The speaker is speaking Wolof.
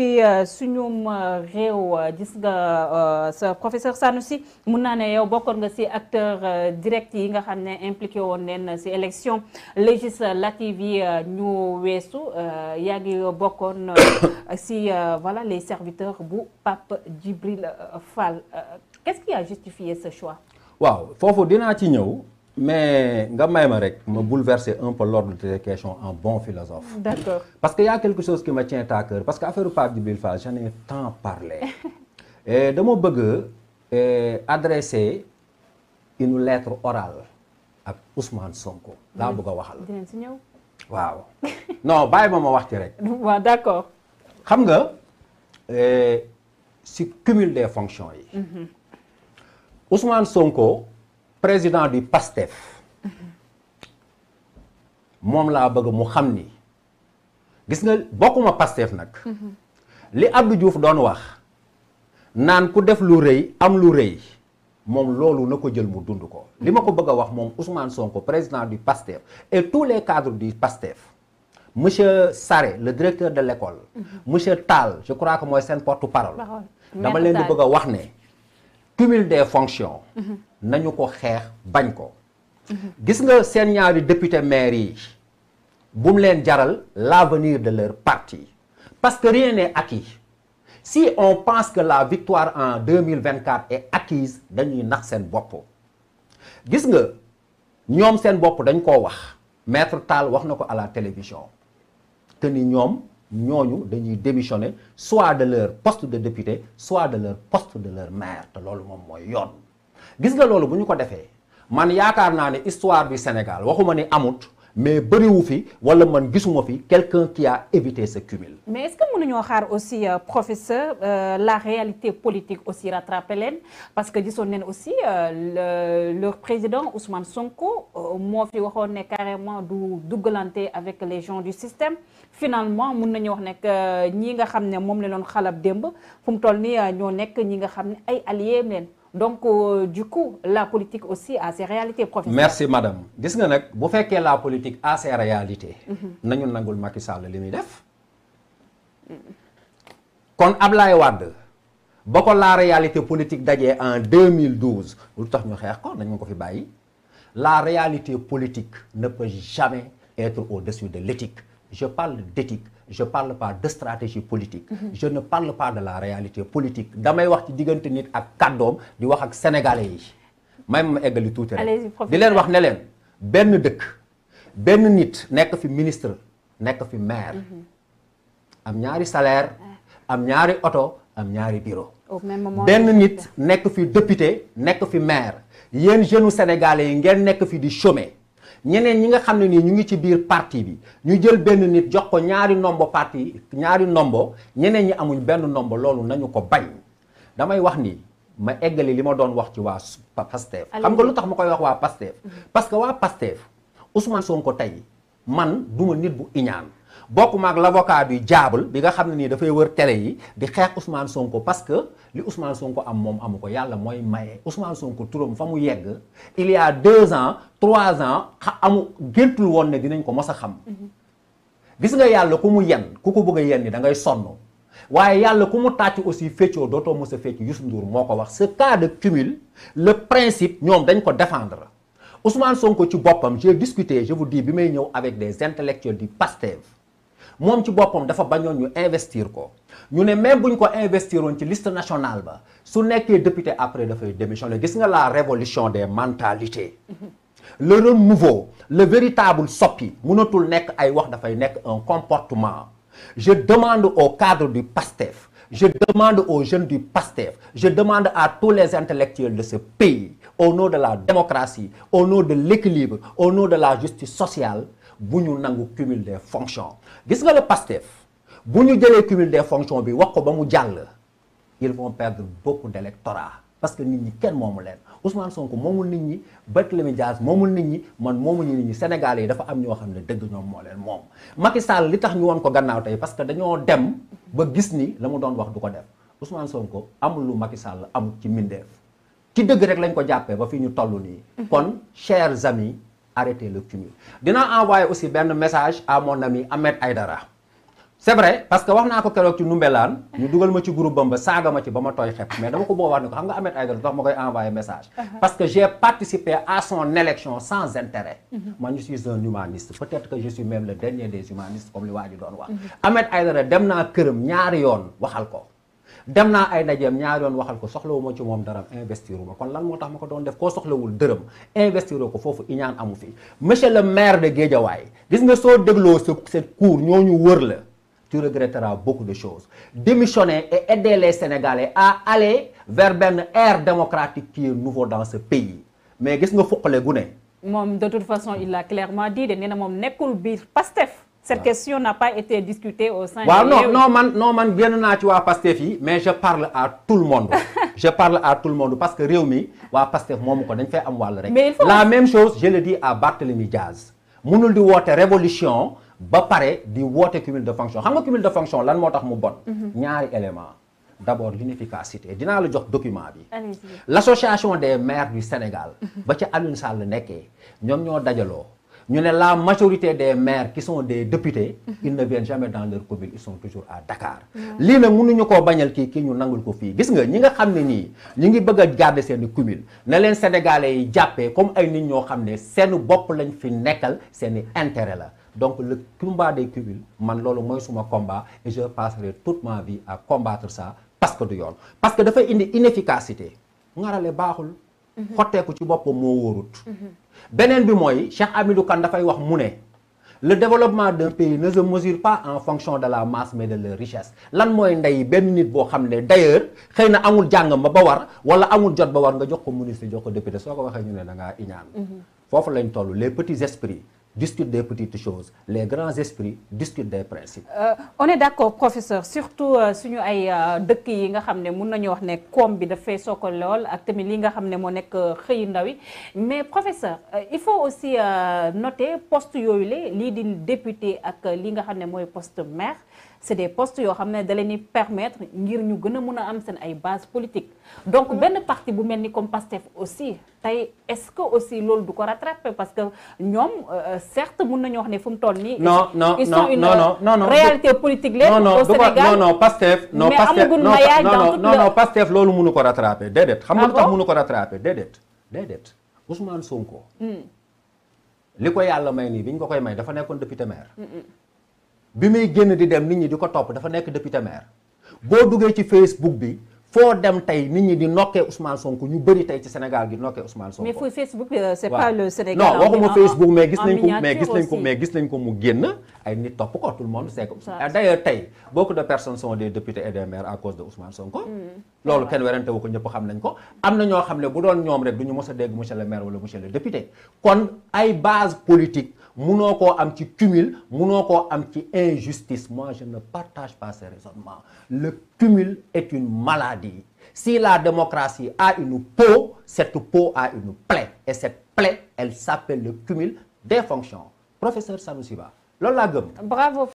fi euh, suñum euh, réew euh, gis nga sa professeur si mun naa ne yow bokkoon nga ci acteur direct yi nga xam ne impliqué woon leen ci élection législative yi ñu weesu yaa ngi bokkoon ci voilà les serviteurs bu Pape Djibril Fall qu'est-ce qui a justifié ce choix waaw foofu dinaa ci ñëw mais nga may ma rek ma bouleverser un peu l'ordre des questions en bon philosophe. d'accord parce que y a quelque chose qui me tient à cœur parce que affaire Pape Djibril Fall j'en ai tant parlé. et dama bëgg eh, adresser une lettre orale ak Ousmane Sonko. laa mm. bëgg a waxal. dinañ si ñëw. waaw non bàyyi ma ma wax rek. waaw d'accord. xam nga eh, si cumul des fonctions yi. Mm-hmm. Ousmane Sonko. président du PASTEF moom laa bëgg mu xam ni gis nga bokkuma PASTEF nag. li Abdou doon wax naan ku def lu rëy am lu rëy moom loolu na ko jël mu dund ko. li ma ko bëgg a wax moom Ousmane ko président du PASTEF et tous les cadres du PASTEF. monsieur sare le directeur de l'école. Mhm. monsieur Tall je crois que mooy seen porte-parole. dama leen di bëgg a wax ne. cumul des fonctions. nañu ko xeex bañ ko. gis nga seen ñaari député maire yi bu mu leen jaral l'avenir de leur parti parce que rien ak acquis si on pense que la victoire en 2024 est acquise dañuy nax seen bopp. gis nga ñoom seen bopp dañ ko wax maître Tall wax na ko à la télévision te ñoom. ñooñu dañuy démissionné soit de leur poste de député soit de leur post de leur maire te loolu moom mooy yoon. gis nga loolu bu ñu ko defee man yaakaar naa ne histoire du Sénégal waxuma ni amut mais bëriwu fi wala man gisuma fi quelqu'un qui a évité ce cumul. mais est-ce que mënuñoo xaar aussi euh, professeur euh, la réalité politique aussi rattrapé leen parce que gisoon nañ aussi euh, le leur président Ousmane Sonko moo fi waxoon ne carrément du duggalante avec les gens du système finalement mun nañu wax nekk euh, ñi nga xam ne moom la doon xalab démb fu mu toll nii euh, ñoo nekk ñi nga xam ne ay alliés leen donc euh, du coup la politique aussi a ses réalités professionnelles. merci madame gis nga nag bu fekkee la politique a ses réalités. Mhm. nañu nangul Macky li muy def. Mhm. kon Ablaye Wade ba ko la réalité politique dajee en 2012 lu tax ñu xeex ko nañu ko fi bàyyi. La réalité politique ne peut jamais être au-dessus de l'éthique. Je parle d'éthique, je parle pas de stratégie politique. Mhm. Je ne parle pas de la réalité politique. damay wax ci diggante nit ak kàddoom di wax ak sénégalais yi may ma eggali tuuti rek di leen wax ne leen benn dëkk benn nit nekk fi ministre nekk fi maire mhm. am ñaari salaire ah. am ñaari oto am ñaari bureau benn nit nekk fi député nekk fi maire yéen jeunes sénégalais yi ngeen nekk fi di chômer ñeneen ñi nga xam ne nii ñu ngi ci biir parti bi ñu jël benn nit jox ko ñaari nombo parti ñaari nombo ñeneen ñi amuñ benn nombo loolu nañu ko bañ damay wax ni ma eggali li ma doon wax ci waa Pastef xam nga lu tax ma koy wax waa Pastef mm-hmm. parce que waa Pastef Ousmane ko tey man duma nit bu iñaan bokkuma maak l'avocat bi jaabal bi nga xam ne nii dafay wër télé yi di xeex Ousmane Sonko parce que li Ousmane Sonko am moom amu ko yàlla mooy maye Ousmane Sonko turam fa mu yegg il deux ans trois ans xa amu géntul woon ne dinañ ko mos a xam. Mhm. gis nga yàlla ku mu yenn ku ko bëgg a yenn da ngay sonn waaye yàlla ku mu tàcc aussi feccoo dootoo mos a fecc Youssou Ndour moo ko wax ce cas de cumul le principe ñoom dañ ko défendre. Ousmane Sonko ci boppam j'ai discuté je vous dis bi may ñëw avec des intellectuels du PASTEF moom ci boppam dafa bañoon ñu investir ko ñu ne même buñ ko investir woon ci liste national ba su nekkee député après dafay démissionner gis nga la révolution des mentalités le renouveau le véritable soppi mënatul nekk ay wax dafay nekk un comportement je demande au cadre du PASTEF Je demande aux jeune du PASTEF, je demande à tous les intellectuels de ce pays, au nom de la démocratie, au nom de l'équilibre, au nom de la justice sociale, bu ñu nangu cumul des fonctions. gis nga le PASTEF bu ñu jëlee cumul des fonctions bi wax ko ba mu jàll ils vont perdre beaucoup d'électorat parce que nit ñi kenn moomu leen Ousmane Sonko moomul nit ñi Barthélémy Dias moomul nit ñi man moomuñu nit ñi Sénégalais yi dafa am ñoo xam ne dëgg ñoom moo leen moom Macky Sall li tax ñu woon ko gannaaw tey parce que dañoo dem. ba gis ni la mu doon wax du ko def Ousmane ko amul lu Macky Sall am ci mbindeef ci dëgg rek lañ ko jàppee ba fi ñu toll nii. Mhm. kon chers amis arrêtez la cumul. dinaa envoyé aussi benn message amoon na mon ami ay dara c'est vrai parce que wax naa ko keroog ci Ndoumbelane ñu dugal ma ci groupe bam ba saaga ma ci ba ma tooy xep mais dama ko boo wax ne ko xam nga Ahmed Aïdara tax ma koy envoyé message uh-huh. parce que uh-huh. uh-huh. dem naa këram ñaari yoon waxal ko dem naa ay ndajeem ñaari yoon waxal ko soxlawuma ci moom dara investiruma kon lan moo tax ma ko doon def koo soxlawul dërëm investiroo ko foofu iñaan amu fi monsieur le maire de Guédiawaye gis nga soo dégloo sa seen cours ñooñu wër la tu regretteras beaucoup de choses. Démissionner et aider les Sénégalais à aller vers une ère démocratique qui est dans ce pays. Mais gis nga que vous avez Mom, de toute façon, il l'a clairement dit, de nena mom nekul bir pastef. Cette ouais. Ah. question n'a pas été discutée au sein ouais, de non, non, man, non, man, bien na tu vois mais je parle à tout le monde. je parle à tout le monde parce que Réumi, wa pastef mom ko dañ fay am wal rek. La même chose, je le dis à Barthélemy di woté révolution ba pare di woote cumul de fonction xam nga cumul de fonction lan moo tax mu bon mhm. ñaari élément d'abord l'unificacité dinaa la jox document bi l'association des maire du Sénégal mhm. ba ca Alioune Sall nekkee ñoom ñoo dajaloo ñu ne la majorité des maires qui son des députés mhm. ils ne jamais dans leur commune ils sont toujours à Dakar lii nag mënuñu ko bañal kii kii ñu nangul ko fii gis nga ñi nga xam ne nii ñu ngi bëgg a garder seen commune na leen sénégalais yi jàppee comme ay nit ñoo xam ne seen bopp lañ fi nekkal seen i intérêt la donc le combat de cumuls man loolu mooy suma combat et je passerai toute ma vie à combattre ça parce que du yoon parce que dafay indi inefficacité ngarale baaxul mhm. xotteeku ci boppam moo wóorut mhm. beneen bi mooy Cheikh Hamidou Kane dafay wax mu ne le développement de pays ne se mesure pas en fonction de la masse mais de la richesse lan mooy ndey benn nit boo xam ne d'ailleurs xëy na amul jàng ma ba war wala amul jot ba war nga jox ko ministre jox ko député soo ko waxee ñu ne da ngaa iñaan mhm. foofu lañ toll les petits esprits discutent des petites choses les grands esprits discutent de principes. Euh, on est d'accord professeur surtout euh, suñu ay euh, dëkk yi nga xam ne mun nañu wax ne koom bi dafay sookal lool ak tamit li nga xam ne moo nekk euh, xëyu ndaw yi mais professeur il faut aussi noter poste yooyu la lii di député ak li nga xam ne mooy poste maire. c'est des post yoo xam ne da leen di ngir ñu gën a mën a am seen ay base politique donc mm-hmm. benn parti bu mel ni comme PASTEF aussi tey est-ce que aussi loolu du ko rattraper parce que ñoom euh, euh, certes mun nañu wax ne fu mu toll nii. non no ils sont une réalité politique leen no Sénégal non non PASTEF non non PASTEF loolu mënu ko rattraper déedéet xam nga lu tax ah mënu ko rattraper déedéet déedéet Ousmane ko hmm. li ko yàlla may nii bi ñu ko koy may dafa nekkoon député maire hmm, hmm. bi muy génn di dem nit ñi di ko topp dafa nekk député maire boo duggee ci Facebook bi foo dem tey nit ñi di nokkee Ousmane Sonko ñu bëri tey ci Sénégal gi nokkee Ousmane Sonko. mais fooy Facebook euh, c'est pas waxuma Facebook mais gis nañ ko mais gis nañ ko mais gis nañ ko mu génn ay nit topp ko tout le monde c'est comme ça. d'ailleurs tey beaucoup de personnes sont des députés et des maires à cause de Ousmane hmm, loolu kenn werante ko ñëpp xam nañ ko. am na ñoo xam ne bu doon ñoom rek du ñu mës a dégg monsieur le maire wala monsieur le député kon ay base politique. munoo koo am ci cumul munoo koo am ci injustice moi je ne partage pas ce raisonnement le cumul est une maladie si la démocratie a une peau cette peau a une plaie et cette plaie elle s'appelle le cumul des fonctions professeur Sanusi Ba loolu bravo